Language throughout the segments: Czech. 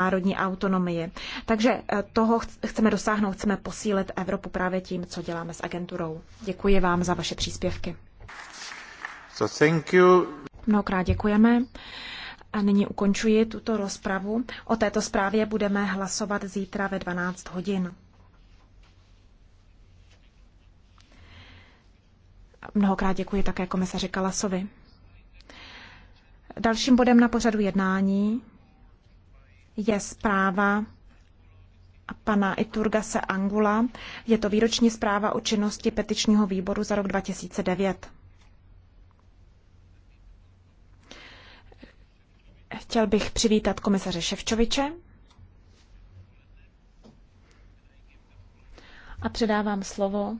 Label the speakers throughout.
Speaker 1: národní autonomii. Takže eh, toho chceme dosáhnout, chceme posílit Evropu právě tím, co děláme s agenturou. Děkuji vám za vaše příspěvky.
Speaker 2: So thank you.
Speaker 1: Mnohokrát děkujeme. A nyní ukončuji tuto rozpravu. O této zprávě budeme hlasovat zítra ve 12 hodin. Mnohokrát děkuji také komisaři Kalasovi. Dalším bodem na pořadu jednání je zpráva pana Iturgase Angula. Je to výroční zpráva o činnosti petičního výboru za rok 2009. Chtěl bych přivítat komisaře Ševčoviče a předávám slovo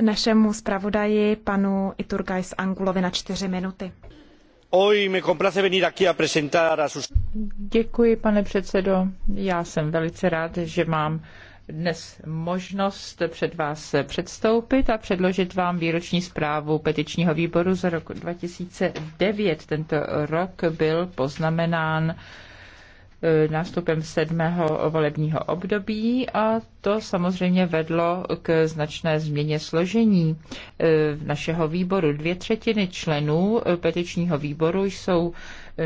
Speaker 1: našemu zpravodaji panu Iturgais Angulovi na čtyři minuty.
Speaker 2: Děkuji, pane předsedo. Já jsem velice rád, že mám dnes možnost před vás předstoupit a předložit vám výroční zprávu petičního výboru za rok 2009. Tento rok byl poznamenán E, nástupem sedmého volebního období a to samozřejmě vedlo k značné změně složení e, našeho výboru. Dvě třetiny členů e, petičního výboru jsou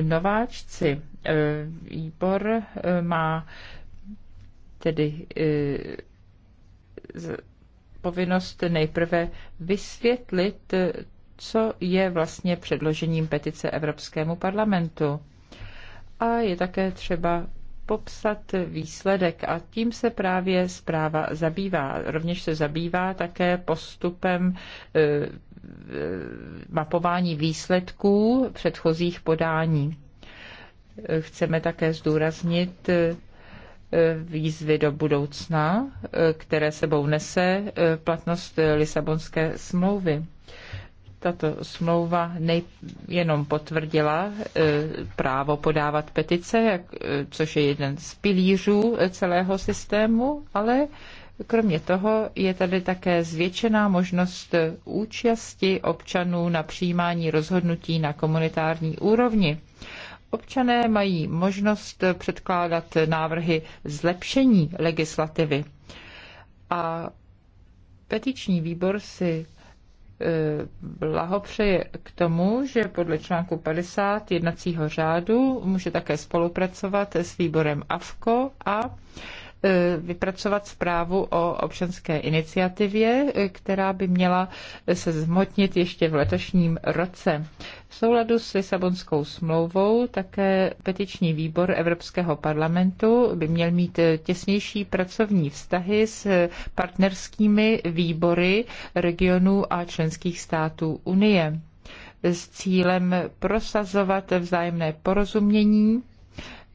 Speaker 2: nováčci. Výbor má tedy povinnost nejprve vysvětlit, co je vlastně předložením petice Evropskému parlamentu a je také třeba popsat výsledek a tím se právě zpráva zabývá. Rovněž se zabývá také postupem e, e, mapování výsledků předchozích podání. Chceme také zdůraznit e, výzvy do budoucna, které sebou nese platnost Lisabonské smlouvy tato smlouva nejenom potvrdila e, právo podávat petice, e, což je jeden z pilířů e, celého systému, ale kromě toho je tady také zvětšená možnost účasti občanů na přijímání rozhodnutí na komunitární úrovni. Občané mají možnost předkládat návrhy zlepšení legislativy. A petiční výbor si blahopřeje k tomu, že podle článku 50 jednacího řádu může také spolupracovat s výborem AFKO a E, vypracovat zprávu o občanské iniciativě, e, která by měla se zmotnit ještě v letošním roce. V souladu s Lisabonskou smlouvou také petiční výbor Evropského parlamentu by měl mít těsnější pracovní vztahy s partnerskými výbory regionů a členských států Unie s cílem prosazovat vzájemné porozumění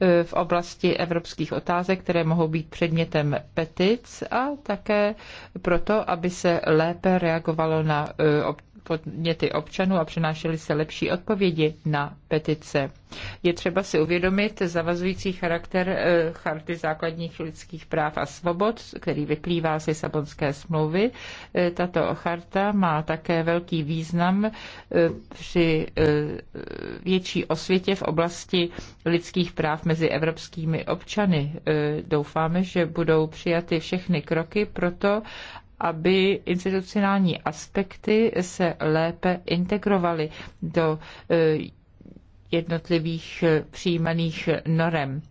Speaker 2: E, v oblasti evropských otázek, které mohou být předmětem petic a také proto, aby se lépe reagovalo na e, podněty občanů a přinášely se lepší odpovědi na petice. Je třeba si uvědomit zavazující charakter eh, Charty základních lidských práv a svobod, který vyplývá z Lisabonské smlouvy. Eh, tato charta má také velký význam eh, při větší osvětě v oblasti lidských práv mezi evropskými občany. Doufáme, že budou přijaty všechny kroky pro to, aby institucionální aspekty se lépe integrovaly do e, jednotlivých e, přijímaných norem.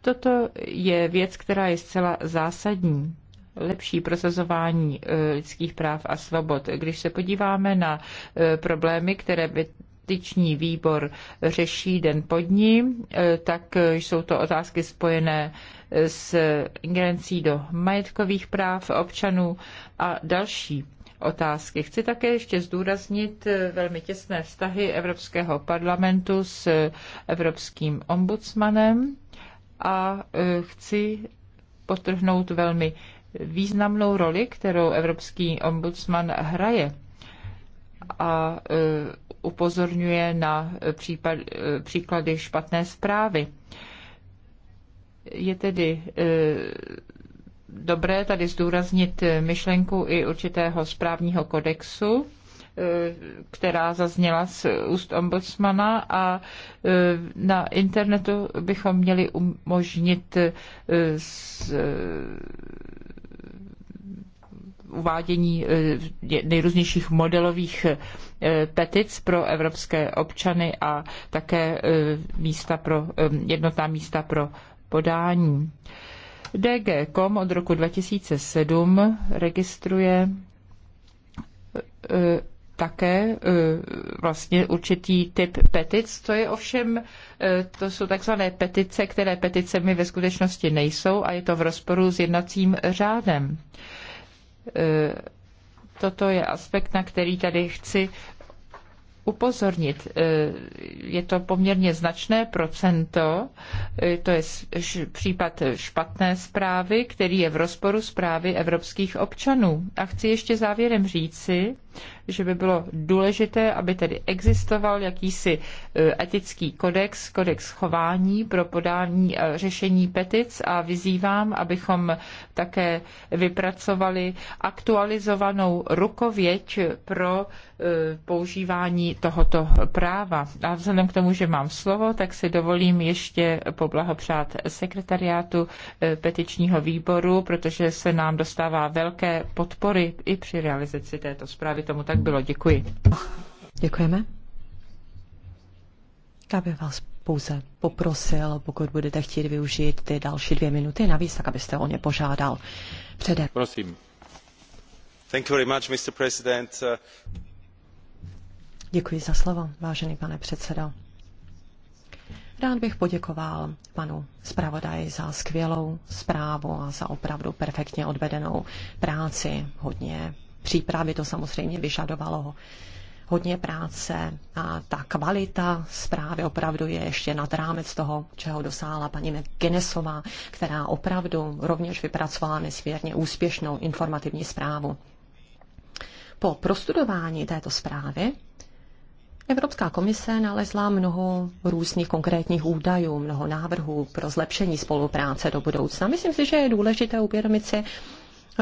Speaker 2: Toto je věc, která je zcela zásadní lepší prosazování e, lidských práv a svobod. Když se podíváme na problémy, které petiční výbor řeší den pod ní, e, tak jsou to otázky spojené s ingerencí do majetkových práv občanů a další otázky. Chci také ještě zdůraznit e, velmi těsné vztahy Evropského parlamentu s Evropským ombudsmanem a e, chci potrhnout velmi významnou roli, kterou Evropský ombudsman hraje. A upozorňuje na eh, případ, eh, příklady špatné zprávy. Je tedy eh, dobré tady zdůraznit myšlenku i určitého správního kodexu, která zazněla z úst ombudsmana a na internetu bychom měli umožnit uvádění eh, nejrůznějších modelových eh, petic pro evropské občany a také eh, místa pro, jednotná místa pro podání. DG.com od roku 2007 registruje také vlastně určitý typ petic. To je ovšem, to jsou takzvané petice, které peticemi ve skutečnosti nejsou a je to v rozporu s jednacím řádem. E, toto je aspekt, na který tady chci upozornit. E, je to poměrně značné procento, e, to je případ špatné zprávy, který je v rozporu zprávy evropských občanů. A chci ještě závěrem říci, že by bylo důležité, aby tedy existoval jakýsi e, etický kodex, kodex chování pro podání e, řešení petic a vyzývám, abychom také vypracovali aktualizovanou rukověď pro e, používání tohoto práva. A vzhledem k tomu, že mám slovo, tak si dovolím ještě poblahopřát sekretariátu petičního výboru, protože se nám dostává velké podpory i při realizaci této zprávy tomu tak bylo. Děkuji.
Speaker 3: Děkujeme. Já bych vás pouze poprosil, pokud budete chtít využít ty další dvě minuty navíc, tak abyste o ně požádal předem.
Speaker 2: Prosím. Thank you very much, Mr. President.
Speaker 3: Děkuji za slovo, vážený pane předsedo. Rád bych poděkoval panu zpravodaji za skvělou zprávu a za opravdu perfektně odvedenou práci. Hodně přípravy, to samozřejmě vyžadovalo hodně práce a ta kvalita zprávy opravdu je ještě nad rámec toho, čeho dosáhla paní Genesová, která opravdu rovněž vypracovala nesmírně úspěšnou informativní zprávu. Po prostudování této zprávy Evropská komise nalezla mnoho různých konkrétních údajů, mnoho návrhů pro zlepšení spolupráce do budoucna. Myslím si, že je důležité uvědomit si,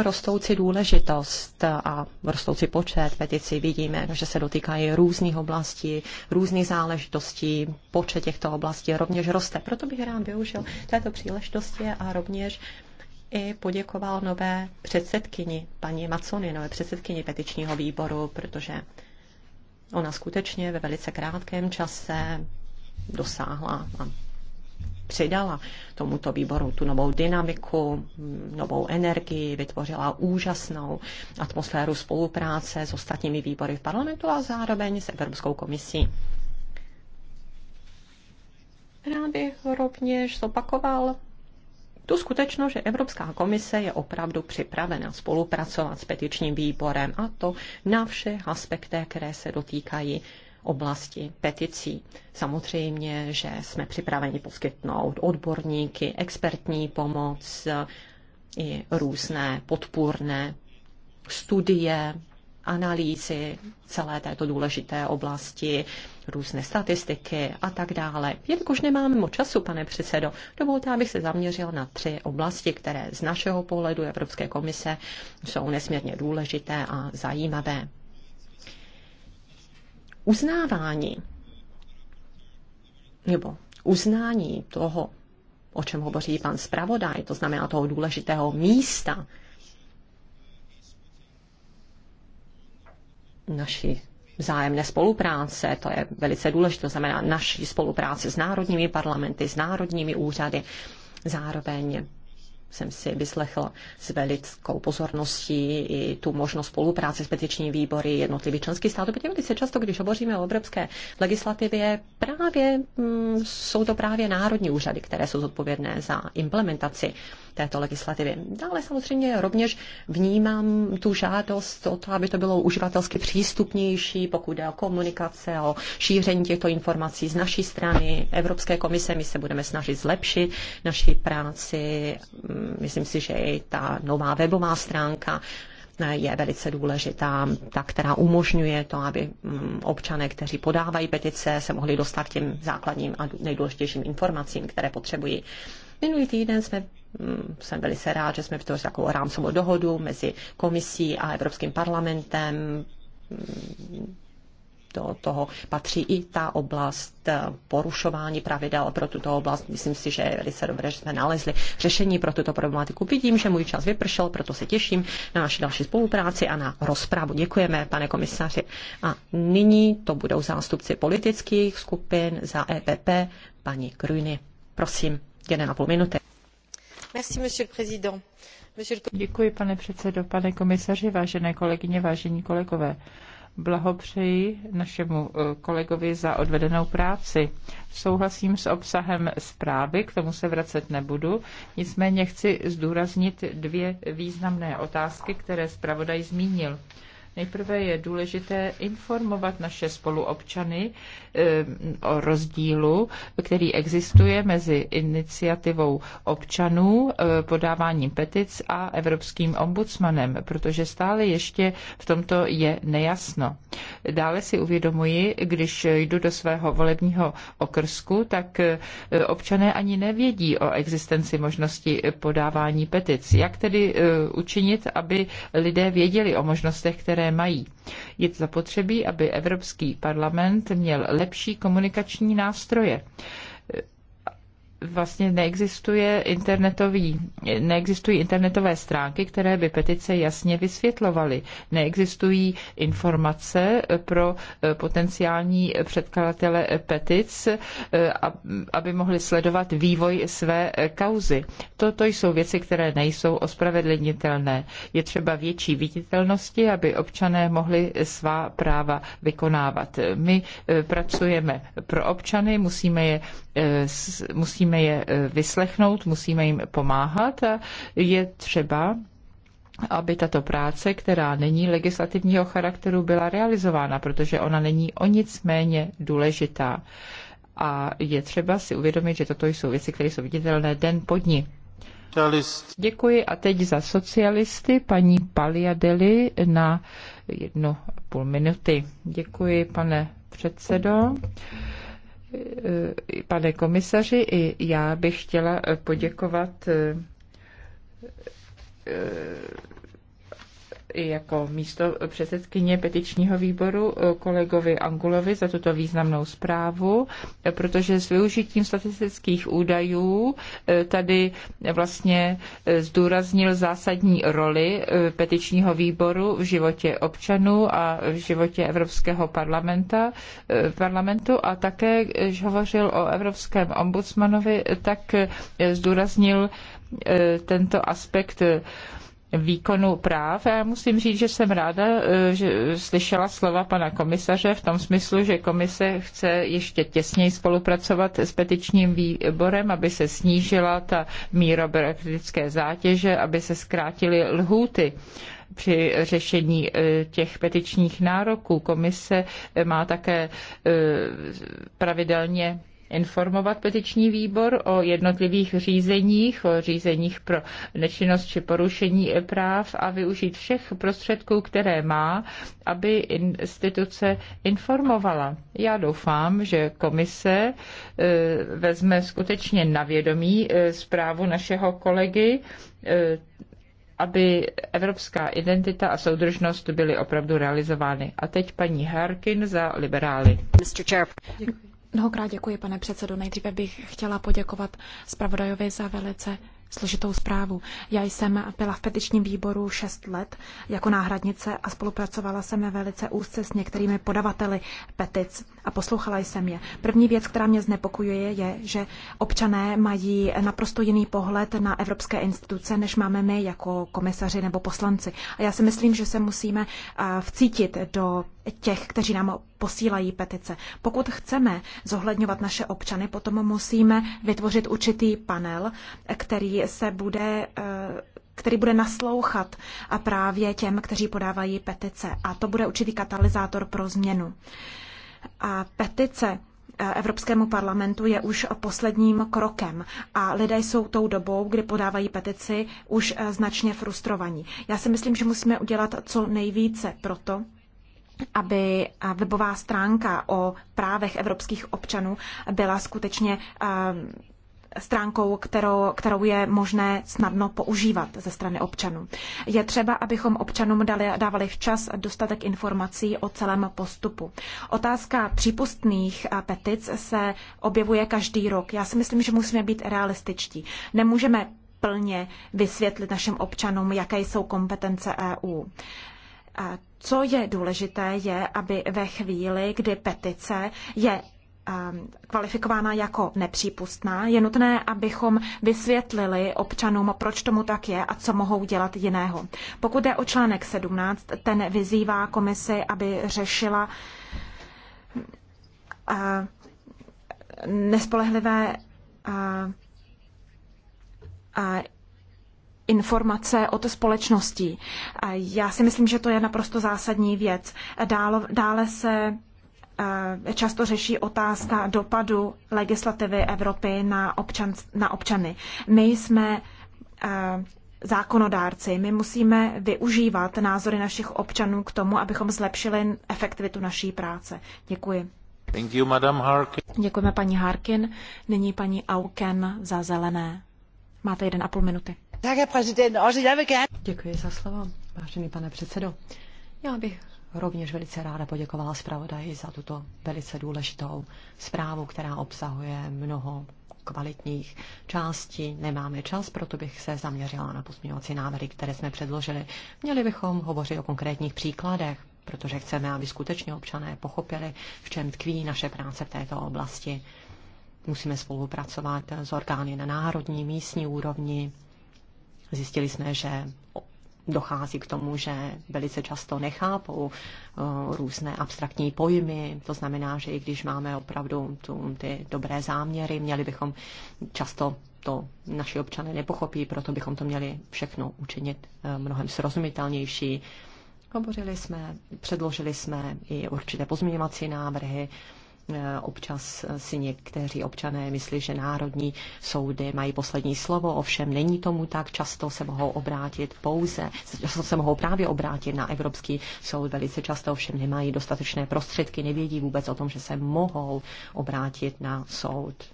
Speaker 3: rostoucí důležitost a rostoucí počet petici vidíme, že se dotýkají různých oblastí, různých záležitostí, počet těchto oblastí rovněž roste. Proto bych rád využil této příležitosti a rovněž i poděkoval nové předsedkyni, paní Macony, nové předsedkyni petičního výboru, protože ona skutečně ve velice krátkém čase dosáhla a přidala tomuto výboru tu novou dynamiku, novou energii, vytvořila úžasnou atmosféru spolupráce s ostatními výbory v parlamentu a zároveň s Evropskou komisí. Rád bych rovněž zopakoval tu skutečnost, že Evropská komise je opravdu připravena spolupracovat s petičním výborem a to na všech aspektech, které se dotýkají oblasti peticí. Samozřejmě, že jsme připraveni poskytnout odborníky, expertní pomoc, i různé podpůrné studie, analýzy celé této důležité oblasti, různé statistiky a tak dále. Jelikož nemáme moc času, pane předsedo, dovolte, abych se zaměřil na tři oblasti, které z našeho pohledu Evropské komise jsou nesmírně důležité a zajímavé uznávání nebo uznání toho, o čem hovoří pan zpravodaj, to znamená toho důležitého místa naší vzájemné spolupráce, to je velice důležité, to znamená naší spolupráce s národními parlamenty, s národními úřady, zároveň jsem si vyslechl s velickou pozorností i tu možnost spolupráce s petiční výbory jednotlivých členských států, protože velice často, když hovoříme o evropské legislativě, právě mm, jsou to právě národní úřady, které jsou zodpovědné za implementaci této legislativy. Dále samozřejmě rovněž vnímám tu žádost o to, aby to bylo uživatelsky přístupnější, pokud jde o komunikace, o šíření těchto informací z naší strany Evropské komise. My se budeme snažit zlepšit naši práci. Myslím si, že i ta nová webová stránka je velice důležitá, ta, která umožňuje to, aby mm, občané, kteří podávají petice, se mohli dostat k těm základním a nejdůležitějším informacím, které potřebují. Minulý týden jsme mm, jsem velice rád, že jsme vytvořili takovou rámcovou dohodu mezi komisí a Evropským parlamentem do toho patří i ta oblast eh, porušování pravidel pro tuto oblast. Myslím si, že je velice dobré, že jsme nalezli řešení pro tuto problematiku. Vidím, že můj čas vypršel, proto se těším na naši další spolupráci a na rozpravu. Děkujeme, pane komisaři. A nyní to budou zástupci politických skupin za EPP, paní Gruny. Prosím, půl minuty. Merci, monsieur le président.
Speaker 2: Děkuji, pane předsedo, pane komisaři, vážené kolegyně, vážení kolegové. Blahopřeji našemu eh, kolegovi za odvedenou práci. Souhlasím s obsahem zprávy, k tomu se vracet nebudu, nicméně chci zdůraznit dvě významné otázky, které zpravodaj zmínil. Nejprve je důležité informovat naše spoluobčany eh, o rozdílu, který existuje mezi iniciativou občanů, eh, podáváním petic a evropským ombudsmanem, protože stále ještě v tomto je nejasno. Dále si uvědomuji, když jdu do svého volebního okrsku, tak eh, občané ani nevědí o existenci možnosti podávání petic. Jak tedy učinit, aby lidé věděli o možnostech, které které mají. Je zapotřebí, aby Evropský parlament měl lepší komunikační nástroje vlastně neexistuje internetový, neexistují internetové stránky, které by petice jasně vysvětlovaly. Neexistují informace pro eh, potenciální předkladatele petic, eh, aby mohli sledovat vývoj své eh, kauzy. Toto jsou věci, které nejsou ospravedlnitelné. Je třeba větší viditelnosti, aby občané mohli svá práva vykonávat. My pracujeme pro občany, musíme je musíme musíme je eh, vyslechnout, musíme jim pomáhat je třeba aby tato práce, která není legislativního charakteru, byla realizována, protože ona není o nic méně důležitá. A je třeba si uvědomit, že toto jsou věci, které jsou viditelné den po dni. Socialist. Děkuji a teď za socialisty paní Paliadeli na jednu půl minuty. Děkuji, pane předsedo. Eh, pane komisaři, i já bych chtěla eh, poděkovat eh, i jako místo předsedkyně petičního výboru eh, kolegovi Angulovi za tuto významnou zprávu, eh, protože s využitím statistických údajů eh, tady vlastně zdůraznil zásadní roli petičního výboru v životě občanů a v životě Evropského parlamenta, parlamentu a také, když hovořil o Evropském ombudsmanovi, tak zdůraznil tento aspekt výkonu práv. Já musím říct, že jsem ráda eh, že slyšela slova pana komisaře v tom smyslu, že komise chce ještě těsněji spolupracovat s petičním výborem, aby se snížila ta míra byrokratické zátěže, aby se zkrátily lhůty při řešení eh, těch petičních nároků. Komise eh, má také pravidelně informovat petiční výbor o jednotlivých řízeních, o řízeních pro nečinnost či porušení práv a využít všech prostředků, které má, aby instituce informovala. Já doufám, že komise e, vezme skutečně na vědomí e, zprávu našeho kolegy, e, aby evropská identita a soudržnost byly opravdu realizovány. A teď paní Harkin za liberály. Mr. Chair.
Speaker 1: Děkuji. Mnohokrát děkuji, pane předsedo. Nejdříve bych chtěla poděkovat zpravodajovi za velice složitou zprávu. Já jsem byla v petičním výboru 6 let jako náhradnice a spolupracovala jsem velice úzce s některými podavateli petic a poslouchala jsem je. První věc, která mě znepokojuje, je, že občané mají naprosto jiný pohled na evropské instituce, než máme my jako komisaři nebo poslanci. A já si myslím, že se musíme vcítit do těch, kteří nám posílají petice. Pokud chceme zohledňovat naše občany, potom musíme vytvořit určitý panel, který se bude eh, který bude naslouchat a právě těm, kteří podávají petice. A to bude určitý katalyzátor pro změnu. A petice eh, Evropskému parlamentu je už posledním krokem a lidé jsou tou dobou, kdy podávají petici, už eh, značně frustrovaní. Já si myslím, že musíme udělat co nejvíce proto, aby webová stránka o právech evropských občanů byla skutečně ehm, stránkou, kterou, kterou je možné snadno používat ze strany občanů. Je třeba, abychom občanům dali, dávali včas dostatek informací o celém postupu. Otázka přípustných eh, petic se objevuje každý rok. Já si myslím, že musíme být realističtí. Nemůžeme plně vysvětlit našim občanům, jaké jsou kompetence EU. Co je důležité, je, aby ve chvíli, kdy petice je um, kvalifikována jako nepřípustná. Je nutné, abychom vysvětlili občanům, proč tomu tak je a co mohou dělat jiného. Pokud je o článek 17, ten vyzývá komisi, aby řešila uh, nespolehlivé uh, uh, informace od společností. Já si myslím, že to je naprosto zásadní věc. Dále, dále se eh, často řeší otázka dopadu legislativy Evropy na, občan, na občany. My jsme eh, zákonodárci. My musíme využívat názory našich občanů k tomu, abychom zlepšili efektivitu naší práce. Děkuji.
Speaker 2: Thank you, Madam Harkin.
Speaker 1: Děkujeme paní Harkin. Nyní paní Auken za zelené. Máte jeden a půl minuty.
Speaker 3: Děkuji za slovo, vážený pane předsedo. Já bych rovněž velice ráda poděkovala zpravodaji za tuto velice důležitou zprávu, která obsahuje mnoho kvalitních částí. Nemáme čas, proto bych se zaměřila na pozměňovací návrhy, které jsme předložili. Měli bychom hovořit o konkrétních příkladech, protože chceme, aby skutečně občané pochopili, v čem tkví naše práce v této oblasti. Musíme spolupracovat s orgány na národní, místní úrovni, Zjistili jsme, že dochází k tomu, že velice často nechápou uh, různé abstraktní pojmy. To znamená, že i když máme opravdu tu, ty dobré záměry, měli bychom často to naši občané nepochopí, proto bychom to měli všechno učinit uh, mnohem srozumitelnější. Hovořili jsme, předložili jsme i určité pozměňovací návrhy, Eh, občas eh, si někteří občané myslí, že národní soudy mají poslední slovo, ovšem není tomu tak. Často se mohou obrátit pouze, často se mohou právě obrátit na Evropský soud. Velice často ovšem nemají dostatečné prostředky, nevědí vůbec o tom, že se mohou obrátit na soud.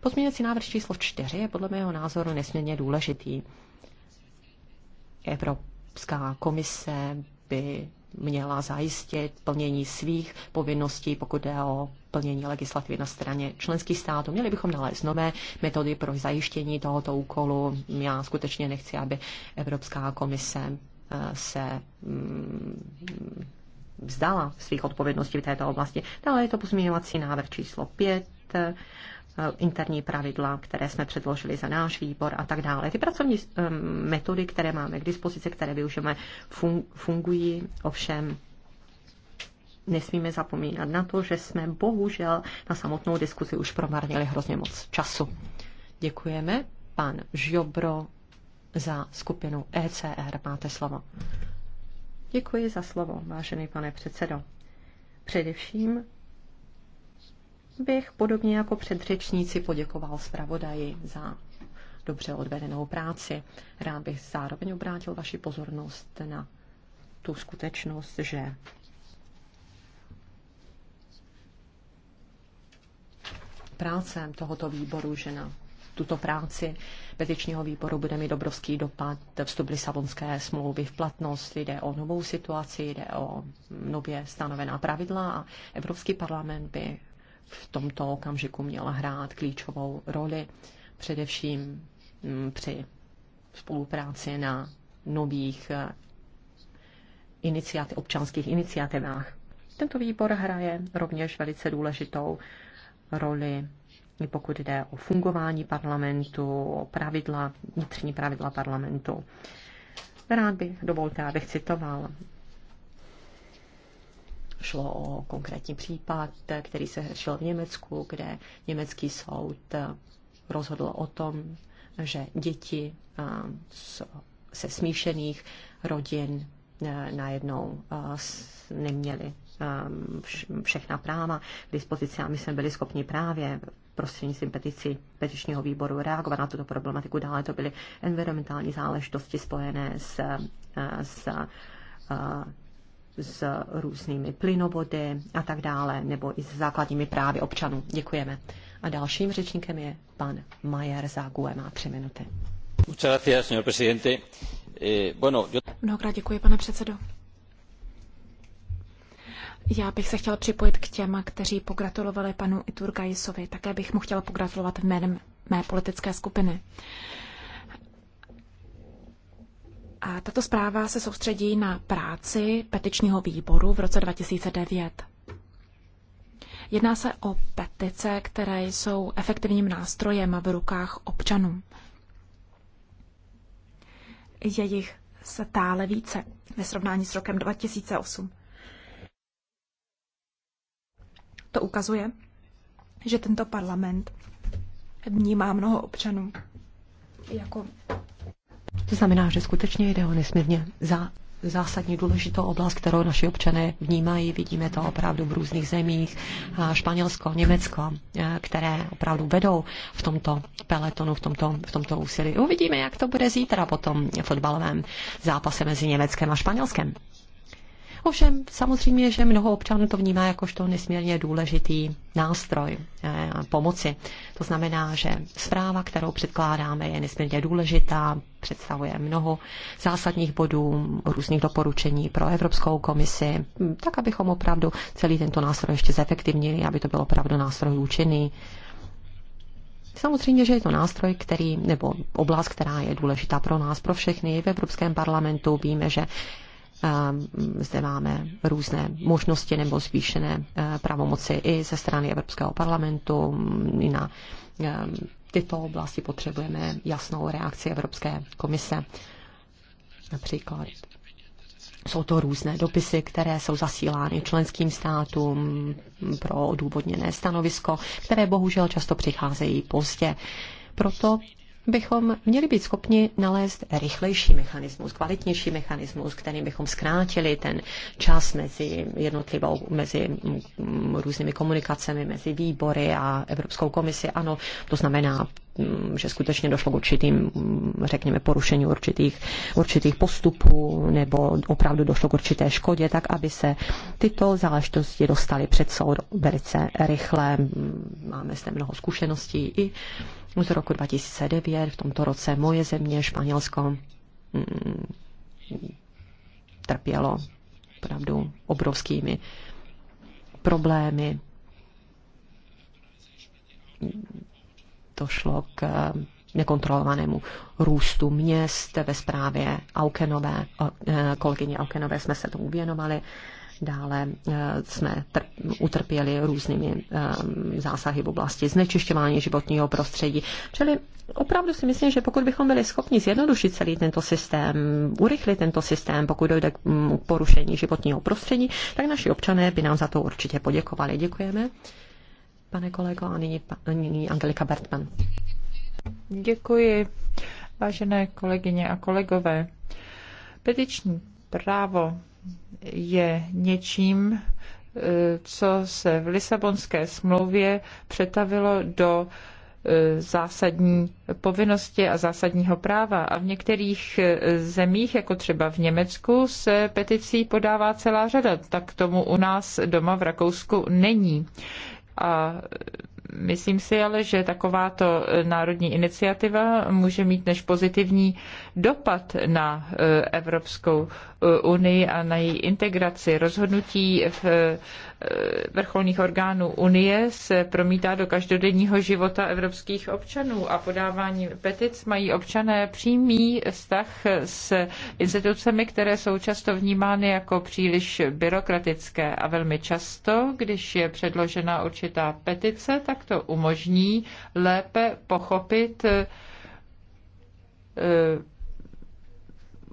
Speaker 3: Pozměňovací návrh číslo 4 je podle mého názoru nesmírně důležitý. Evropská komise by měla zajistit plnění svých povinností, pokud jde o plnění legislativy na straně členských států. Měli bychom nalézt nové metody pro zajištění tohoto úkolu. Já skutečně nechci, aby Evropská komise eh, se mm, vzdala svých odpovědností v této oblasti. Dále je to pozměňovací návrh číslo 5 Eh, interní pravidla, které jsme předložili za náš výbor a tak dále. Ty pracovní eh, metody, které máme k dispozici, které využijeme, fungují, ovšem nesmíme zapomínat na to, že jsme bohužel na samotnou diskuzi už promarnili hrozně moc času. Děkujeme. Pan Žiobro za skupinu ECR. Máte slovo. Děkuji za slovo, vážený pane předsedo. Především bych podobně jako předřečníci poděkoval zpravodaji za dobře odvedenou práci. Rád bych zároveň obrátil vaši pozornost na tu skutečnost, že práce tohoto výboru že na tuto práci petičního výboru bude mít dobrovský dopad vstup Lisabonské smlouvy v platnost. Jde o novou situaci, jde o nově stanovená pravidla a Evropský parlament by v tomto okamžiku měla hrát klíčovou roli, především mm, při spolupráci na nových eh, iniciativ, občanských iniciativách. Tento výbor hraje rovněž velice důležitou roli, pokud jde o fungování parlamentu, o pravidla, vnitřní pravidla parlamentu. Rád bych, dovolte, abych citoval Šlo o konkrétní případ, který se řešil v Německu, kde německý soud rozhodl o tom, že děti se smíšených rodin e, najednou neměly všechna práva k dispozici a my jsme byli schopni právě prostřednictvím petici, petičního výboru reagovat na tuto problematiku. Dále to byly environmentální záležitosti spojené s, s s různými plynovody a tak dále, nebo i s základními právy občanů. Děkujeme. A dalším řečníkem je pan Majer Zague, má tři minuty. Eh, Mnohokrát děkuji, pane předsedo. Já bych
Speaker 1: se chtěla připojit k těm, kteří pogratulovali panu Iturgaisovi. Také bych mu chtěla pogratulovat jménem mé politické skupiny. A tato zpráva se soustředí na práci petičního výboru v roce 2009. Jedná se o petice, které jsou efektivním nástrojem v rukách občanů. Je jich stále více ve srovnání s rokem 2008. To ukazuje, že tento parlament vnímá mnoho občanů jako
Speaker 3: to znamená, že skutečně jde o nesmírně za zásadně důležitou oblast, kterou naši občané vnímají. Vidíme to opravdu v různých zemích, Španělsko, Německo, které opravdu vedou v tomto peletonu, v tomto, v tomto úsilí. Uvidíme, jak to bude zítra po tom fotbalovém zápase mezi Německem a Španělskem. Ovšem samozřejmě, že mnoho občanů to vnímá jakožto nesmírně důležitý nástroj eh, pomoci. To znamená, že zpráva, kterou předkládáme, je nesmírně důležitá, představuje mnoho zásadních bodů, různých doporučení pro Evropskou komisi, tak abychom opravdu celý tento nástroj ještě zefektivnili, aby to byl opravdu nástroj účinný. Samozřejmě, že je to nástroj, který, nebo oblast, která je důležitá pro nás, pro všechny v Evropském parlamentu. Víme, že Mm, zde máme různé možnosti nebo zvýšené e, pravomoci i ze strany Evropského parlamentu. Mm, I na e, tyto oblasti potřebujeme jasnou reakci Evropské komise. Například jsou to různé dopisy, které jsou zasílány členským státům mm, pro odůvodněné stanovisko, které bohužel často přicházejí pozdě. Proto bychom měli být schopni nalézt rychlejší mechanismus, kvalitnější mechanismus, kterým bychom zkrátili ten čas mezi jednotlivou, mezi mm, různými komunikacemi, mezi výbory a Evropskou komisi. Ano, to znamená mm, že skutečně došlo k určitým, mm, řekněme, porušení určitých, určitých postupů nebo opravdu došlo k určité škodě, tak aby se tyto záležitosti dostaly před soud velice rychle. Máme zde mnoho zkušeností i z roku 2009, v tomto roce moje země, Španělsko, mm, trpělo opravdu obrovskými problémy. Došlo k nekontrolovanému růstu měst. Ve zprávě Aukenové, eh, kolegyně Aukenové jsme se tomu věnovali. Dále eh, jsme utrpěli různými eh, zásahy v oblasti znečišťování životního prostředí. Čili opravdu si myslím, že pokud bychom byli schopni zjednodušit celý tento systém, urychlit tento systém, pokud dojde k mm, porušení životního prostředí, tak naši občané by nám za to určitě poděkovali. Děkujeme, pane kolego, a nyní, nyní Angelika Bertman.
Speaker 2: Děkuji, vážené kolegyně a kolegové. Petiční právo je něčím, e, co se v Lisabonské smlouvě přetavilo do e, zásadní povinnosti a zásadního práva. A v některých e, zemích, jako třeba v Německu, se peticí podává celá řada. Tak tomu u nás doma v Rakousku není. A Myslím si ale, že takováto národní iniciativa může mít než pozitivní dopad na eh, Evropskou eh, unii a na její integraci. Rozhodnutí v Eh, vrcholných orgánů Unie se promítá do každodenního života evropských občanů a podávání petic mají občané přímý vztah s institucemi, které jsou často vnímány jako příliš byrokratické a velmi často, když je předložena určitá petice, tak to umožní lépe pochopit eh,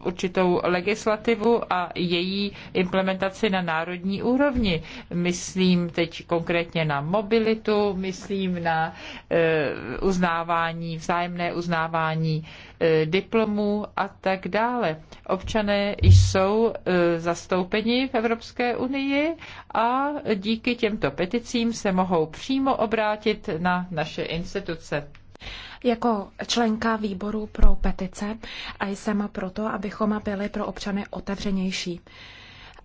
Speaker 2: určitou legislativu a její implementaci na národní úrovni. Myslím teď konkrétně na mobilitu, myslím na e, uznávání, vzájemné uznávání e, diplomů a tak dále. Občané jsou e, zastoupeni v Evropské unii a díky těmto peticím se mohou přímo obrátit na naše instituce.
Speaker 1: Jako členka výboru pro petice a jsem proto, abychom byli pro občany otevřenější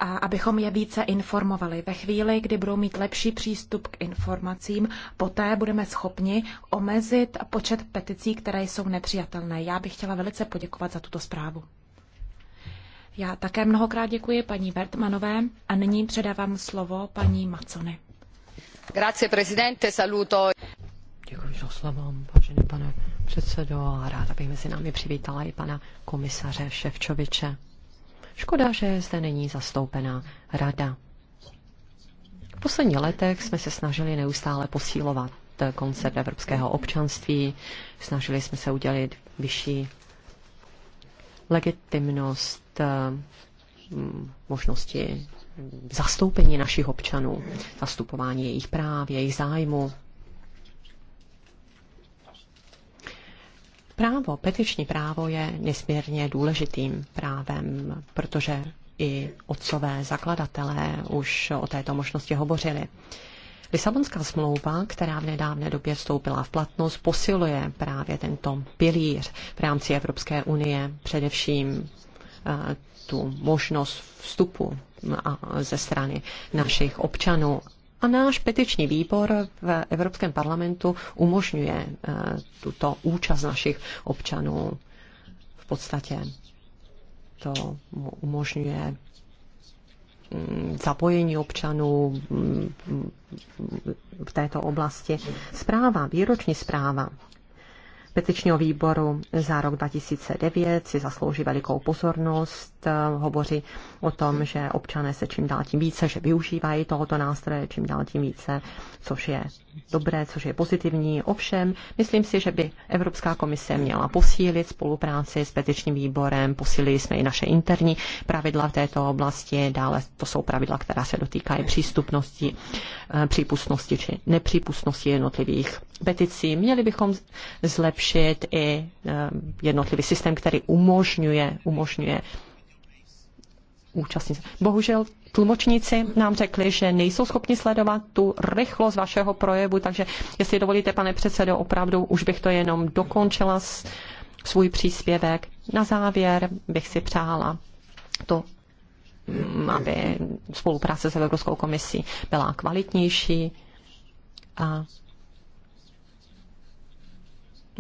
Speaker 1: a abychom je více informovali. Ve chvíli, kdy budou mít lepší přístup k informacím, poté budeme schopni omezit počet peticí, které jsou nepřijatelné. Já bych chtěla velice poděkovat za tuto zprávu. Já také mnohokrát děkuji paní Bertmanové a nyní předávám slovo paní Macony.
Speaker 3: Grazie, presidente, saluto. Děkuji za slovo, vážený pane předsedo, a ráda bych mezi námi přivítala i pana komisaře Ševčoviče. Škoda, že zde není zastoupená rada. V posledních letech jsme se snažili neustále posílovat koncept evropského občanství, snažili jsme se udělit vyšší legitimnost eh, možnosti zastoupení našich občanů, zastupování jejich práv, jejich zájmu, právo, petiční právo je nesmírně důležitým právem, protože i otcové zakladatelé už o této možnosti hovořili. Lisabonská smlouva, která v nedávné době vstoupila v platnost, posiluje právě tento pilíř v rámci Evropské unie, především eh, tu možnost vstupu mm, ze strany našich občanů a náš petiční výbor v Evropském parlamentu umožňuje eh, tuto účast našich občanů. V podstatě to umožňuje mm, zapojení občanů mm, v této oblasti. Zpráva, výroční zpráva petičního výboru za rok 2009 si zaslouží velikou pozornost. Hovoří o tom, že občané se čím dál tím více, že využívají tohoto nástroje čím dál tím více, což je dobré, což je pozitivní. Ovšem, myslím si, že by Evropská komise měla posílit spolupráci s petičním výborem, posílili jsme i naše interní pravidla v této oblasti, dále to jsou pravidla, která se dotýkají přístupnosti, eh, přípustnosti či nepřípustnosti jednotlivých peticí. Měli bychom zlepšit i eh, jednotlivý systém, který umožňuje, umožňuje účastníci. Bohužel tlumočníci nám řekli, že nejsou schopni sledovat tu rychlost vašeho projevu, takže jestli dovolíte, pane předsedo, opravdu už bych to jenom dokončila svůj příspěvek. Na závěr bych si přála to mm, aby spolupráce s Evropskou komisí byla kvalitnější a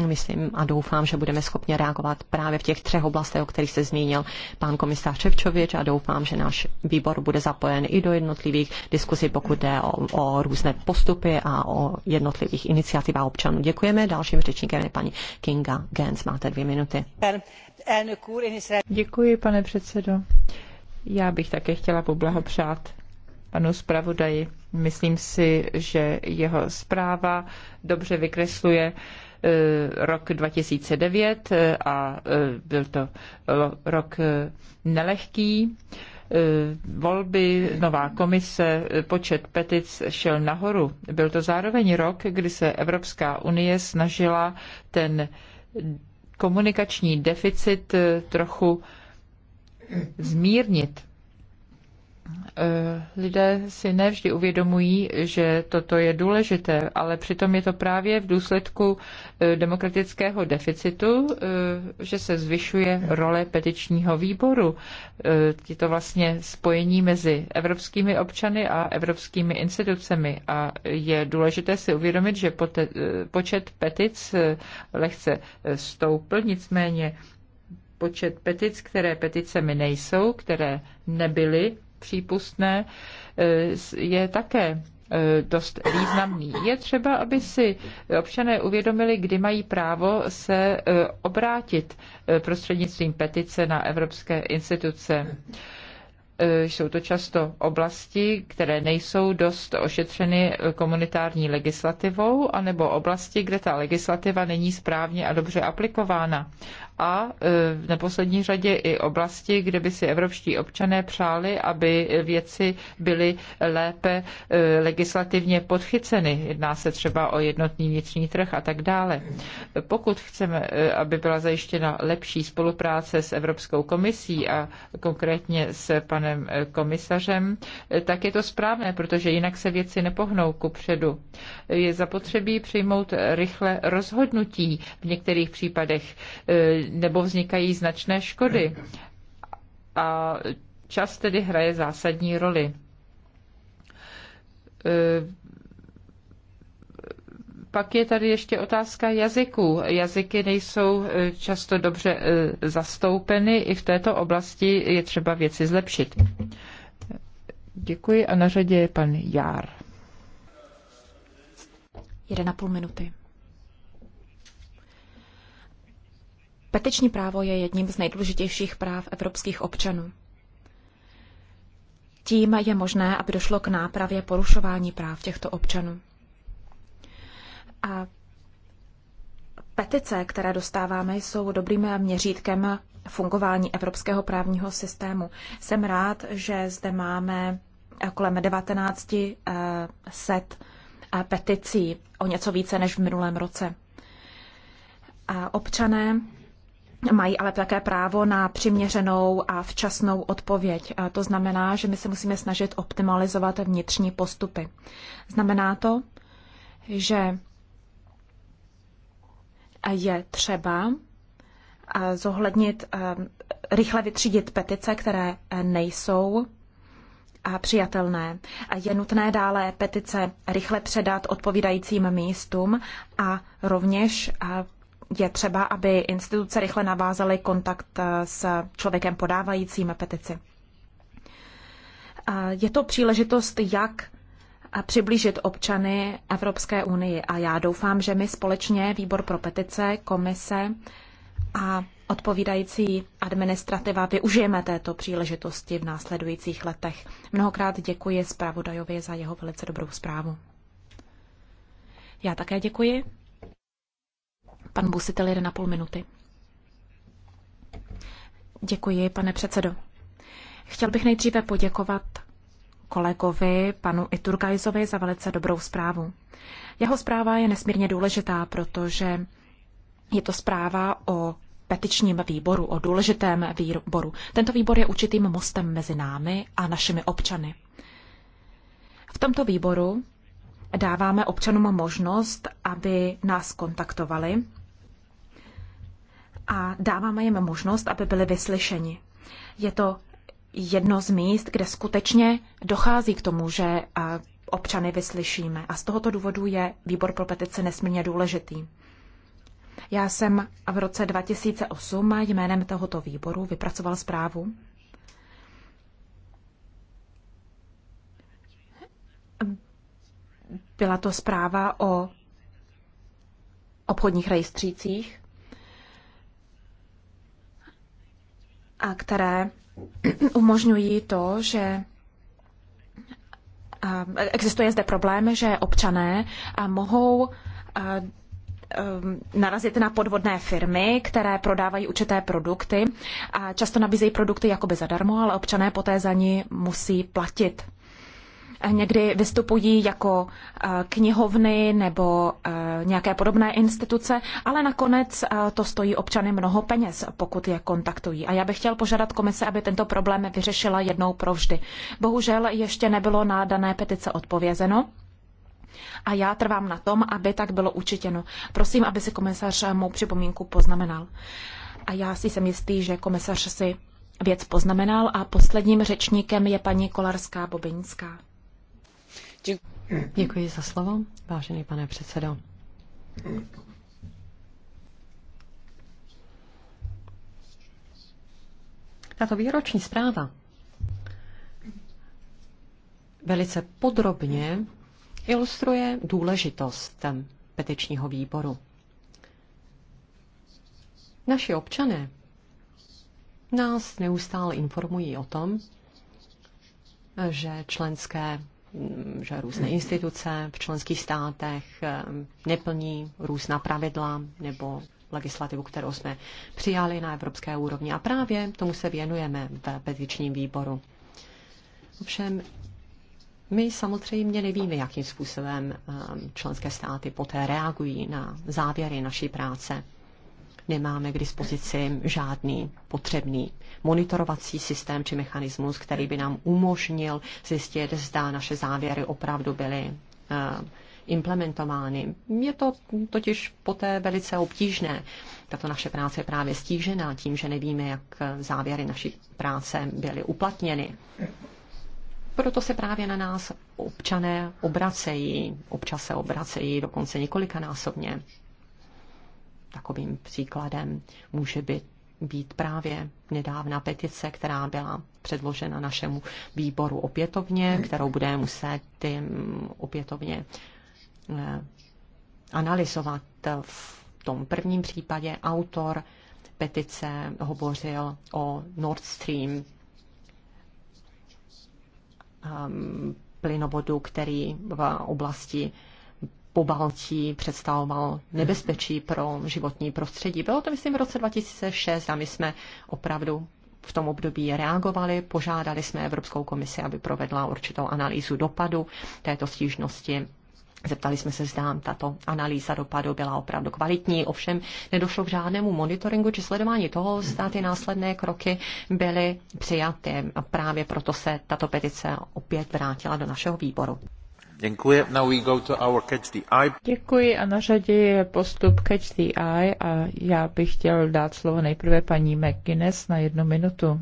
Speaker 3: myslím a doufám, že budeme schopni reagovat právě v těch třech oblastech, o kterých se zmínil pán komisář Ševčovič a doufám, že náš výbor bude zapojen i do jednotlivých diskusí, pokud jde o, o různé postupy a o jednotlivých iniciativách občanů. Děkujeme. Dalším řečníkem je paní Kinga Gens. Máte dvě minuty. Děkuji, pane předsedo. Já bych také chtěla poblahopřát panu zpravodaji.
Speaker 2: Myslím si, že jeho zpráva dobře vykresluje Eh, rok 2009 eh, a eh, byl to rok nelehký volby, nová komise, počet petic šel nahoru. Byl to zároveň rok, kdy se Evropská unie snažila ten komunikační deficit trochu zmírnit. Eh, lidé si nevždy uvědomují, že toto je důležité, ale přitom je to právě v důsledku eh, demokratického deficitu, eh, že se zvyšuje role petičního výboru. Je to vlastně spojení mezi evropskými občany a evropskými institucemi a je důležité si uvědomit, že počet petic lehce stoupl, nicméně počet petic, které peticemi nejsou, které nebyly přípustné, eh, je také eh, dost významný. Je třeba, aby si občané uvědomili, kdy mají právo se eh, obrátit prostřednictvím petice na evropské instituce. Jsou to často oblasti, které nejsou dost ošetřeny komunitární legislativou, anebo oblasti, kde ta legislativa není správně a dobře aplikována a e, v neposlední řadě i oblasti, kde by si evropští občané přáli, aby věci byly lépe e, legislativně podchyceny. Jedná se třeba o jednotný vnitřní trh a tak dále. Pokud chceme, e, aby byla zajištěna lepší spolupráce s Evropskou komisí a konkrétně s panem komisařem, tak je to správné, protože jinak se věci nepohnou ku předu. Je zapotřebí přijmout rychle rozhodnutí v některých případech nebo vznikají značné škody. A čas tedy hraje zásadní roli. E, pak je tady ještě otázka jazyků. Jazyky nejsou e, často dobře e, zastoupeny. I v této oblasti je třeba věci zlepšit. Děkuji a na řadě je pan Jár.
Speaker 1: půl minuty. Petiční právo je jedním z nejdůležitějších práv evropských občanů. Tím je možné, aby došlo k nápravě porušování práv těchto občanů. A petice, které dostáváme, jsou dobrým měřítkem fungování evropského právního systému. Jsem rád, že zde máme kolem 19 eh, set eh, peticí o něco více než v minulém roce. A občané mají ale také právo na přiměřenou a včasnou odpověď. A to znamená, že my se musíme snažit optimalizovat vnitřní postupy. Znamená to, že je třeba zohlednit, rychle vytřídit petice, které nejsou a přijatelné. Je nutné dále petice rychle předat odpovídajícím místům a rovněž je třeba, aby instituce rychle navázaly kontakt eh, s člověkem podávajícím petici. Eh, je to příležitost, jak a eh, přiblížit občany Evropské unii a já doufám, že my společně, výbor pro petice, komise a odpovídající administrativa využijeme této příležitosti v následujících letech. Mnohokrát děkuji zpravodajovi za jeho velice dobrou zprávu. Já také děkuji. Pan Busitel, půl minuty. Děkuji, pane předsedo. Chtěl bych nejdříve poděkovat kolegovi, panu Iturgajzovi, za velice dobrou zprávu. Jeho zpráva je nesmírně důležitá, protože je to zpráva o petičním výboru, o důležitém výboru. Tento výbor je určitým mostem mezi námi a našimi občany. V tomto výboru dáváme občanům možnost, aby nás kontaktovali a dáváme jim možnost, aby byli vyslyšeni. Je to jedno z míst, kde skutečně dochází k tomu, že občany vyslyšíme. A z tohoto důvodu je výbor pro petice nesmírně důležitý. Já jsem v roce 2008 jménem tohoto výboru vypracoval zprávu, Byla to zpráva o obchodních rejstřících a které umožňují to, že existuje zde problém, že občané mohou um, narazit na podvodné firmy, které prodávají určité produkty a často nabízejí produkty jakoby zadarmo, ale občané poté za ní musí platit. Eh, někdy vystupují jako eh, knihovny nebo eh, nějaké podobné instituce, ale nakonec to stojí občany mnoho peněz, pokud je kontaktují. A já bych chtěl požádat komise, aby tento problém vyřešila jednou provždy. Bohužel ještě nebylo na dané petice odpovězeno. A já trvám na tom, aby tak bylo učitěno. Prosím, aby si komisař mou připomínku poznamenal. A já si jsem jistý, že komisař si věc poznamenal a posledním řečníkem je paní Kolarská Bobiňská.
Speaker 3: Děkuji. za slovo, vážený pane předsedo. Tato výroční zpráva velice podrobně ilustruje důležitost petičního výboru. Naši občané nás neustále informují o tom, že členské že různé instituce v členských státech eh, neplní různá pravidla nebo legislativu, kterou jsme přijali na evropské úrovni. A právě tomu se věnujeme v petičním výboru. Ovšem, my samozřejmě nevíme, jakým způsobem eh, členské státy poté reagují na závěry naší práce nemáme k dispozici žádný potřebný monitorovací systém či mechanismus, který by nám umožnil zjistit, zda naše závěry opravdu byly eh, implementovány. Je to totiž poté velice obtížné. Tato naše práce je právě stížená tím, že nevíme, jak závěry naší práce byly uplatněny. Proto se právě na nás občané obracejí, občas se obracejí dokonce několikanásobně. Takovým příkladem může být být právě nedávna petice, která byla předložena našemu výboru opětovně, kterou budeme muset tím opětovně eh, analyzovat. V tom prvním případě autor petice hovořil o Nord Stream ehm, plynovodu, který v oblasti Pobaltí představoval nebezpečí pro životní prostředí. Bylo to, myslím, v roce 2006 a my jsme opravdu v tom období reagovali. Požádali jsme Evropskou komisi, aby provedla určitou analýzu dopadu této stížnosti. Zeptali jsme se, zdám, tato analýza dopadu byla opravdu kvalitní, ovšem nedošlo k žádnému monitoringu či sledování toho, zda ty následné kroky byly přijaty. A právě proto se tato petice opět vrátila do našeho výboru.
Speaker 2: Děkuji. Now we go to our catch the eye.
Speaker 3: Děkuji a na řadě je postup Catch the Eye
Speaker 2: a já bych chtěl dát slovo nejprve paní McGuinness na jednu minutu.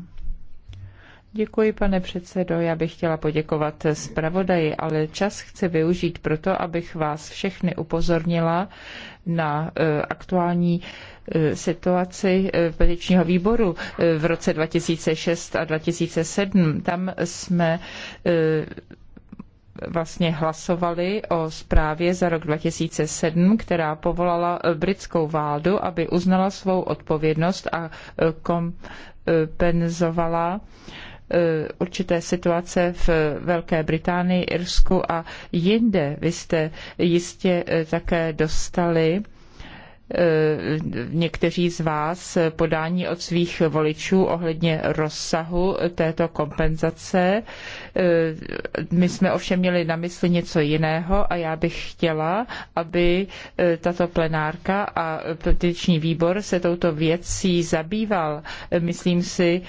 Speaker 2: Děkuji, pane předsedo. Já bych chtěla poděkovat zpravodaji, ale čas chci využít proto, abych vás všechny upozornila na eh, aktuální eh, situaci eh, petičního výboru v roce 2006 a 2007. Tam jsme vlastně hlasovali o zprávě za rok 2007, která povolala eh, britskou vládu, aby uznala svou odpovědnost a eh, kompenzovala eh, určité situace v Velké Británii, Irsku a jinde. Vy jste jistě také dostali Eh, někteří z vás podání od svých voličů ohledně rozsahu této kompenzace. Eh, my jsme ovšem měli na mysli něco jiného a já bych chtěla, aby eh, tato plenárka a petiční výbor se touto věcí zabýval. Myslím si,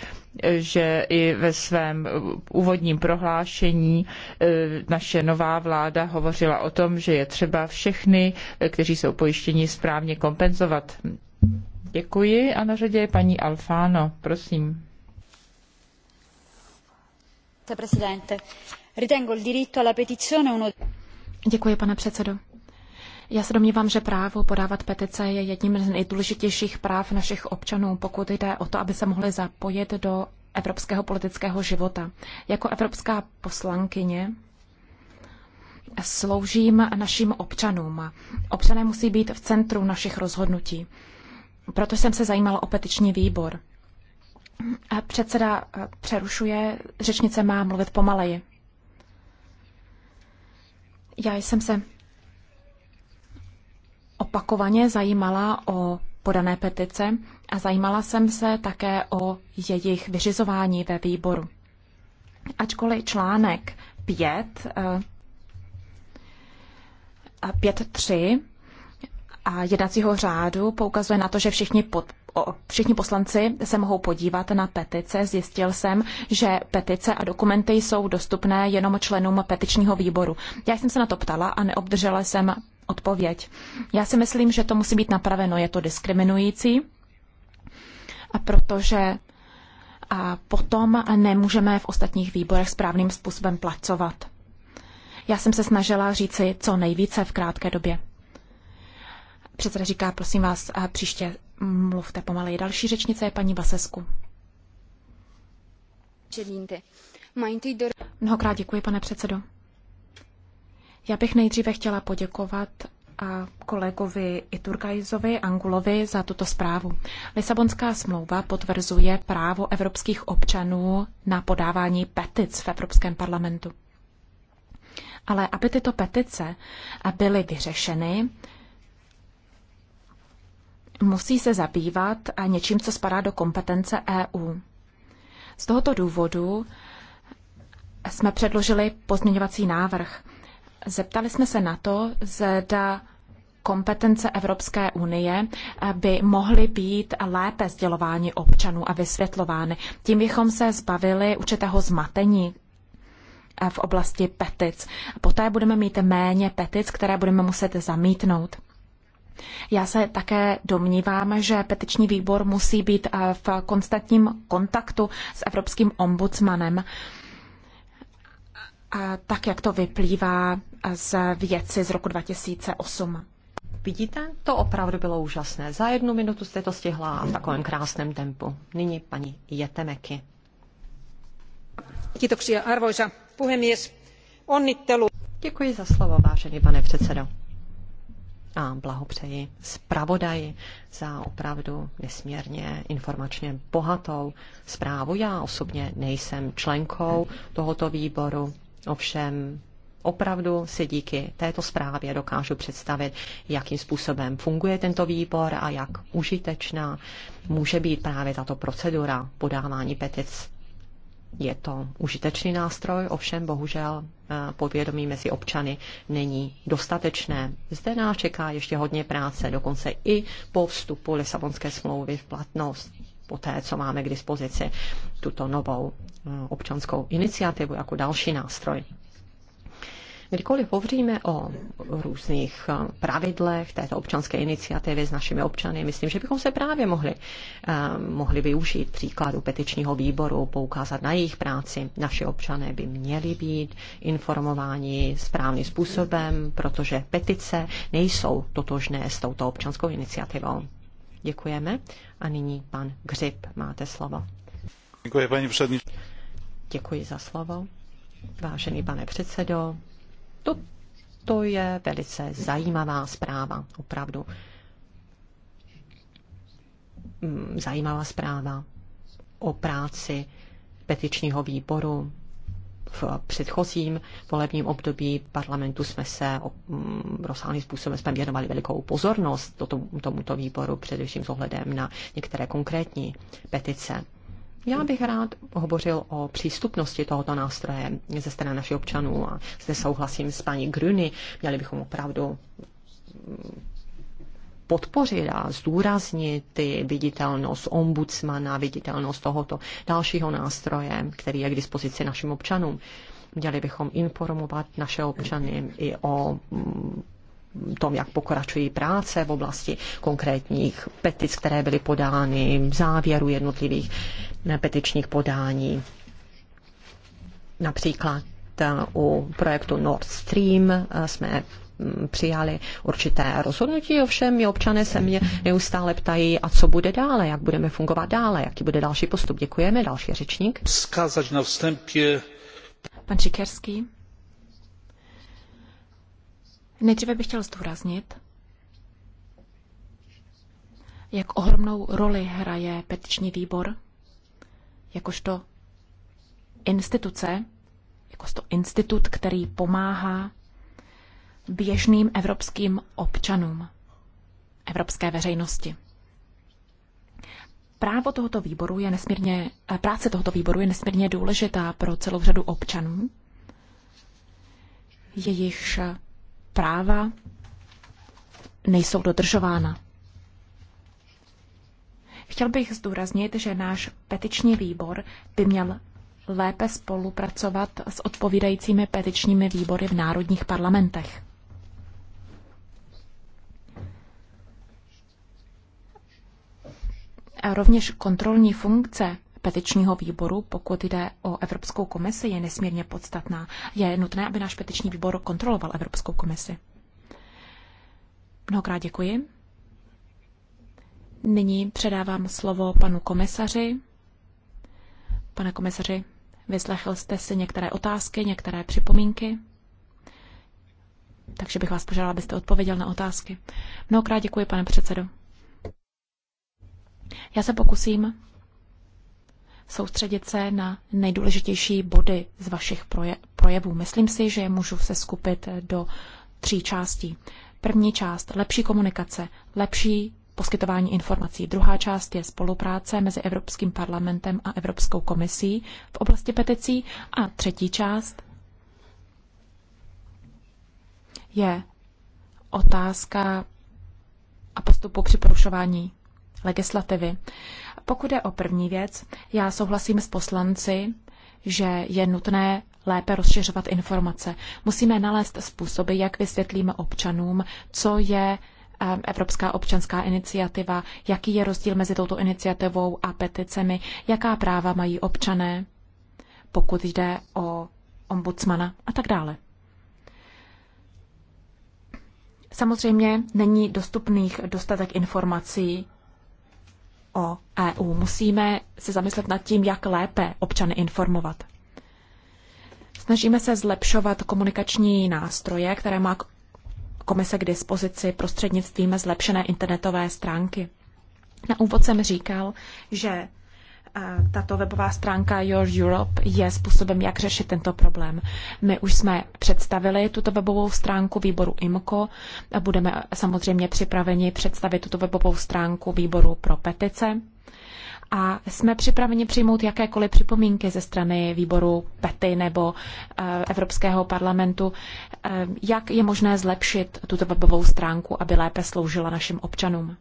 Speaker 2: že i ve svém úvodním prohlášení e, naše nová vláda hovořila o tom, že je třeba všechny, e, kteří jsou pojištěni, správně kompenzovat. Děkuji a na řadě je paní Alfano. Prosím.
Speaker 1: Děkuji, pane předsedo. Já se domnívám, že právo podávat petice je jedním z nejdůležitějších práv našich občanů, pokud jde o to, aby se mohli zapojit do evropského politického života. Jako evropská poslankyně sloužím našim občanům. Občané musí být v centru našich rozhodnutí. Proto jsem se zajímala o petiční výbor. Předseda přerušuje, řečnice má mluvit pomaleji. Já jsem se opakovaně zajímala o podané petice a zajímala jsem se také o jejich vyřizování ve výboru. Ačkoliv článek 5 5.3 eh, a jednacího řádu poukazuje na to, že všichni pod, všichni poslanci se mohou podívat na petice. Zjistil jsem, že petice a dokumenty jsou dostupné jenom členům petičního výboru. Já jsem se na to ptala a neobdržela jsem odpověď. Já si myslím, že to musí být napraveno. Je to diskriminující, a protože a potom nemůžeme v ostatních výborech správným způsobem placovat. Já jsem se snažila říci co nejvíce v krátké době. Předseda říká, prosím vás, příště Mluvte pomalej. Další řečnice je paní Basesku. Mnohokrát děkuji, pane předsedo. Já bych nejdříve chtěla poděkovat a kolegovi Iturkajzovi Angulovi za tuto zprávu. Lisabonská smlouva potvrzuje právo evropských občanů na podávání petic v Evropském parlamentu. Ale aby tyto petice byly vyřešeny, musí se zabývat něčím, co spadá do kompetence EU. Z tohoto důvodu jsme předložili pozměňovací návrh. Zeptali jsme se na to, zda kompetence Evropské unie by mohly být lépe sdělováni občanů a vysvětlovány. Tím bychom se zbavili určitého zmatení v oblasti petic. Poté budeme mít méně petic, které budeme muset zamítnout. Já se také domnívám, že petiční výbor musí být eh, v konstantním kontaktu s evropským ombudsmanem, a tak jak to vyplývá
Speaker 3: z věci z roku 2008. Vidíte, to opravdu bylo úžasné. Za jednu minutu jste to stihla v takovém krásném tempu. Nyní paní Jetemeky. Kiitoksia, arvoisa puhemies. Onnittelu. Děkuji za slovo, vážený pane předsedo a blahopřeji zpravodaji za opravdu nesmírně informačně bohatou zprávu. Já osobně nejsem členkou tohoto výboru, ovšem opravdu si díky této zprávě dokážu představit, jakým způsobem funguje tento výbor a jak užitečná může být právě tato procedura podávání petic je to užitečný nástroj, ovšem bohužel eh, povědomí mezi občany není dostatečné. Zde nás čeká ještě hodně práce, dokonce i po vstupu Lisabonské smlouvy v platnost po té, co máme k dispozici tuto novou eh, občanskou iniciativu jako další nástroj. Kdykoliv hovoříme o různých eh, pravidlech této občanské iniciativy s našimi občany, myslím, že bychom se právě mohli, eh, mohli využít příkladu petičního výboru, poukázat na jejich práci. Naši občané by měli být informováni správným způsobem, protože petice nejsou totožné s touto občanskou iniciativou. Děkujeme. A nyní pan Gřib, máte slovo.
Speaker 2: Děkuji, paní přední.
Speaker 3: Děkuji za slovo. Vážený pane předsedo, to, to je velice zajímavá zpráva, opravdu. Mm, zajímavá zpráva o práci petičního výboru. V předchozím volebním období parlamentu jsme se mm, rozsáhlým způsobem jsme věnovali velikou pozornost tomuto výboru, především s ohledem na některé konkrétní petice. Já bych rád hovořil o přístupnosti tohoto nástroje ze strany našich občanů a zde souhlasím s paní Gruny. Měli bychom opravdu podpořit a zdůraznit ty viditelnost ombudsmana, viditelnost tohoto dalšího nástroje, který je k dispozici našim občanům. Měli bychom informovat naše občany i o tom, jak pokračují práce v oblasti konkrétních petic, které byly podány, závěru jednotlivých petičních podání. Například eh, u projektu Nord Stream eh, jsme mm, přijali určité rozhodnutí, ovšem mi občané se mě neustále ptají, a co bude dále, jak budeme fungovat dále, jaký bude další postup. Děkujeme, další řečník.
Speaker 2: na vstępě.
Speaker 3: Pan Čikerský.
Speaker 1: Nejdříve bych chtěl zdůraznit, jak ohromnou roli hraje petiční výbor, jakožto instituce, jakožto institut, který pomáhá běžným evropským občanům, evropské veřejnosti. Právo tohoto výboru je nesmírně, eh, práce tohoto výboru je nesmírně důležitá pro celou řadu občanů, jejichž práva nejsou dodržována. Chtěl bych zdůraznit, že náš petiční výbor by měl lépe spolupracovat s odpovídajícími petičními výbory v národních parlamentech. A rovněž kontrolní funkce petičního výboru, pokud jde o Evropskou komisi, je nesmírně podstatná. Je nutné, aby náš petiční výbor kontroloval Evropskou komisi. Mnohokrát děkuji. Nyní předávám slovo panu komisaři. Pane komisaři, vyslechl jste si některé otázky, některé připomínky, takže bych vás požádala, abyste odpověděl na otázky. Mnohokrát děkuji, pane předsedo. Já se pokusím soustředit se na nejdůležitější body z vašich projevů. Myslím si, že je můžu se skupit do tří částí. První část lepší komunikace, lepší poskytování informací. Druhá část je spolupráce mezi Evropským parlamentem a Evropskou komisí v oblasti peticí. A třetí část je otázka a postupu při porušování legislativy. Pokud je o první věc, já souhlasím s poslanci, že je nutné lépe rozšiřovat informace. Musíme nalézt způsoby, jak vysvětlíme občanům, co je eh, Evropská občanská iniciativa, jaký je rozdíl mezi touto iniciativou a peticemi, jaká práva mají občané, pokud jde o ombudsmana a tak dále. Samozřejmě není dostupných dostatek informací o EU. Musíme se zamyslet nad tím, jak lépe občany informovat. Snažíme se zlepšovat komunikační nástroje, které má komise k dispozici prostřednictvím zlepšené internetové stránky. Na úvod jsem říkal, že tato webová stránka Your Europe je způsobem, jak řešit tento problém. My už jsme představili tuto webovou stránku výboru IMCO a budeme samozřejmě připraveni představit tuto webovou stránku výboru pro petice. A jsme připraveni přijmout jakékoliv připomínky ze strany výboru PETY nebo eh, Evropského parlamentu, eh, jak je možné zlepšit tuto webovou stránku, aby lépe sloužila našim občanům.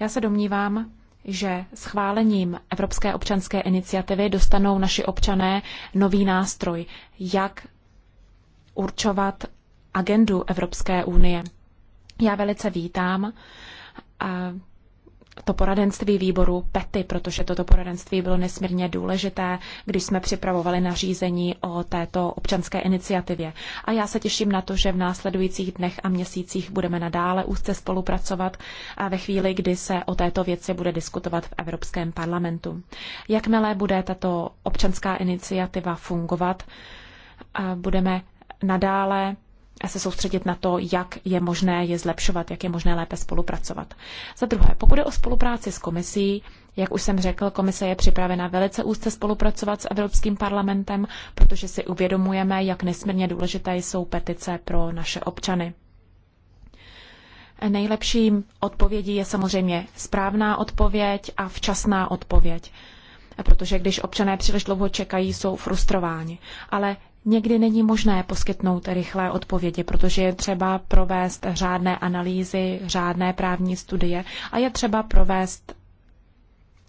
Speaker 1: Já se domnívám, že schválením Evropské občanské iniciativy dostanou naši občané nový nástroj, jak určovat agendu Evropské unie. Já velice vítám to poradenství výboru PETY, protože toto poradenství bylo nesmírně důležité, když jsme připravovali nařízení o této občanské iniciativě. A já se těším na to, že v následujících dnech a měsících budeme nadále úzce spolupracovat a ve chvíli, kdy se o této věci bude diskutovat v Evropském parlamentu. Jakmile bude tato občanská iniciativa fungovat, budeme nadále se soustředit na to, jak je možné je zlepšovat, jak je možné lépe spolupracovat. Za druhé, pokud je o spolupráci s komisí, jak už jsem řekl, komise je připravena velice úzce spolupracovat s Evropským parlamentem, protože si uvědomujeme, jak nesmírně důležité jsou petice pro naše občany. Nejlepší odpovědí je samozřejmě správná odpověď a včasná odpověď protože když občané příliš dlouho čekají, jsou frustrováni. Ale Někdy není možné poskytnout rychlé odpovědi, protože je třeba provést řádné analýzy, řádné právní studie a je třeba provést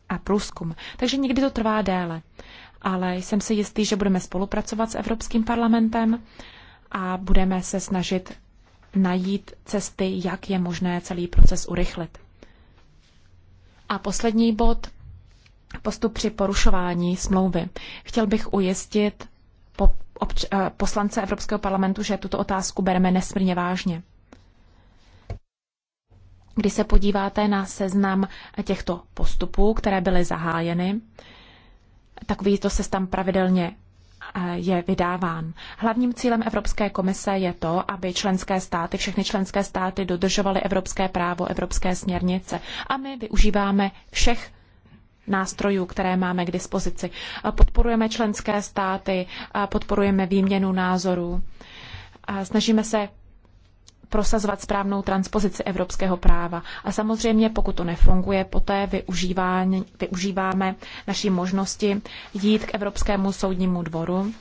Speaker 1: a průzkum. Takže někdy to trvá déle. Ale jsem si jistý, že budeme spolupracovat s Evropským parlamentem a budeme se snažit najít cesty, jak je možné celý proces urychlit. A poslední bod, postup při porušování smlouvy. Chtěl bych ujistit Eh, poslance Evropského parlamentu, že tuto otázku bereme nesmírně vážně. Když se podíváte na seznam těchto postupů, které byly zahájeny, se tam pravidelně eh, je vydáván. Hlavním cílem Evropské komise je to, aby členské státy, všechny členské státy dodržovaly evropské právo, evropské směrnice. A my využíváme všech nástrojů, které máme k dispozici. Podporujeme členské státy, podporujeme výměnu názorů, snažíme se prosazovat správnou transpozici evropského práva. A samozřejmě, pokud to nefunguje, poté využíváme naší možnosti jít k Evropskému soudnímu dvoru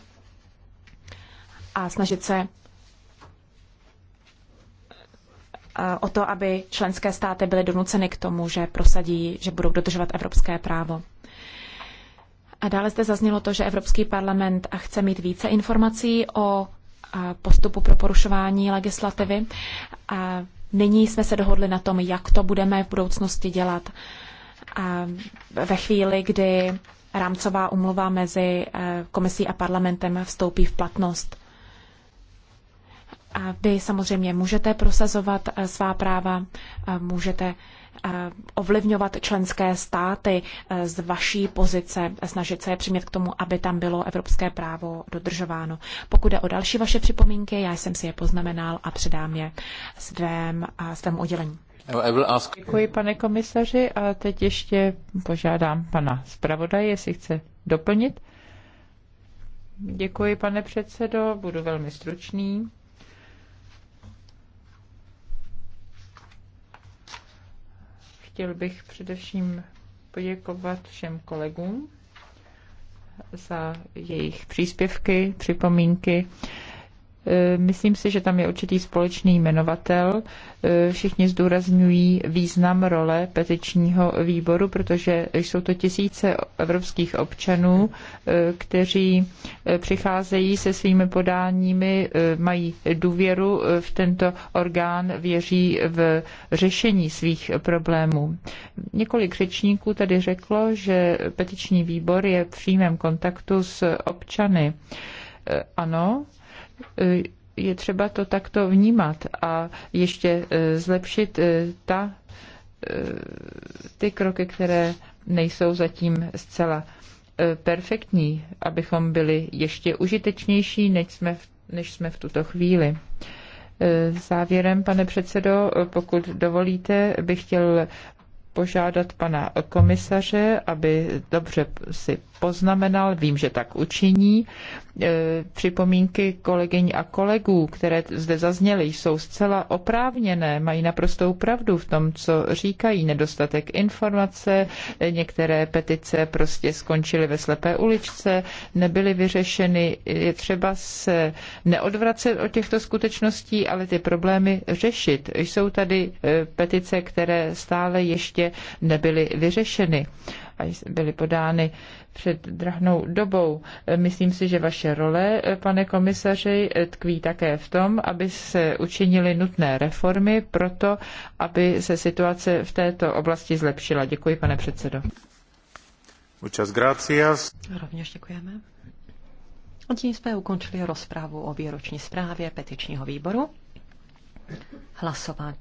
Speaker 1: a snažit se o to, aby členské státy byly donuceny k tomu, že prosadí, že budou dodržovat evropské právo. A dále zde zaznělo to, že Evropský parlament chce mít více informací o postupu pro porušování legislativy. A nyní jsme se dohodli na tom, jak to budeme v budoucnosti dělat. A ve chvíli, kdy rámcová umluva mezi eh, komisí a parlamentem vstoupí v platnost. A vy samozřejmě můžete prosazovat eh, svá práva, eh, můžete eh, ovlivňovat členské státy z vaší pozice, snažit se je přimět k tomu, aby tam bylo evropské právo dodržováno. Pokud je o další vaše připomínky, já jsem si je poznamenal a předám je svém, svému oddělení. Děkuji,
Speaker 2: pane komisaři, a teď ještě požádám pana zpravodaje, jestli chce doplnit. Děkuji, pane předsedo, budu velmi stručný. Chtěl bych především poděkovat všem kolegům za jejich příspěvky, připomínky. E, myslím si, že tam je určitý společný jmenovatel. E, všichni zdůrazňují význam role petičního výboru, protože jsou to tisíce evropských občanů, e, kteří přicházejí se svými podáními, mají důvěru v tento orgán, věří v řešení svých problémů. Několik řečníků tady řeklo, že petiční výbor je v přímém kontaktu s občany. Ano, Eh, je třeba to takto vnímat a ještě eh, zlepšit eh, ta, ty kroky, které nejsou zatím zcela perfektní, abychom byli ještě užitečnější, než jsme v, než jsme v tuto chvíli. Závěrem, pane předsedo, pokud dovolíte, bych chtěl požádat pana komisaře, aby dobře si poznamenal, vím, že tak učiní. E, připomínky kolegyň a kolegů, které zde zazněly, jsou zcela oprávněné, mají naprostou pravdu v tom, co říkají. Nedostatek informace, některé petice prostě skončily ve slepé uličce, nebyly vyřešeny. Je třeba se neodvracet od těchto skutečností, ale ty problémy řešit. Jsou tady e, petice, které stále ještě ještě prostě nebyly vyřešeny a byly podány před drahnou dobou. Myslím si, že vaše role, pane komisaři, tkví také v tom, aby se učinily nutné reformy proto, aby se situace v této oblasti zlepšila. Děkuji, pane předsedo. Muchas gracias.
Speaker 3: Rovněž děkujeme. A tím jsme ukončili rozprávu o výroční zprávě petičního výboru. Hlasovat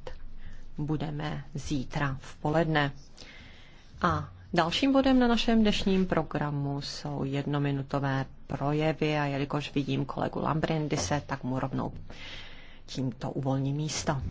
Speaker 3: budeme zítra v poledne. A dalším bodem na našem dnešním programu jsou jednominutové projevy a jelikož vidím kolegu Lambrindise, tak mu rovnou tímto uvolní místo.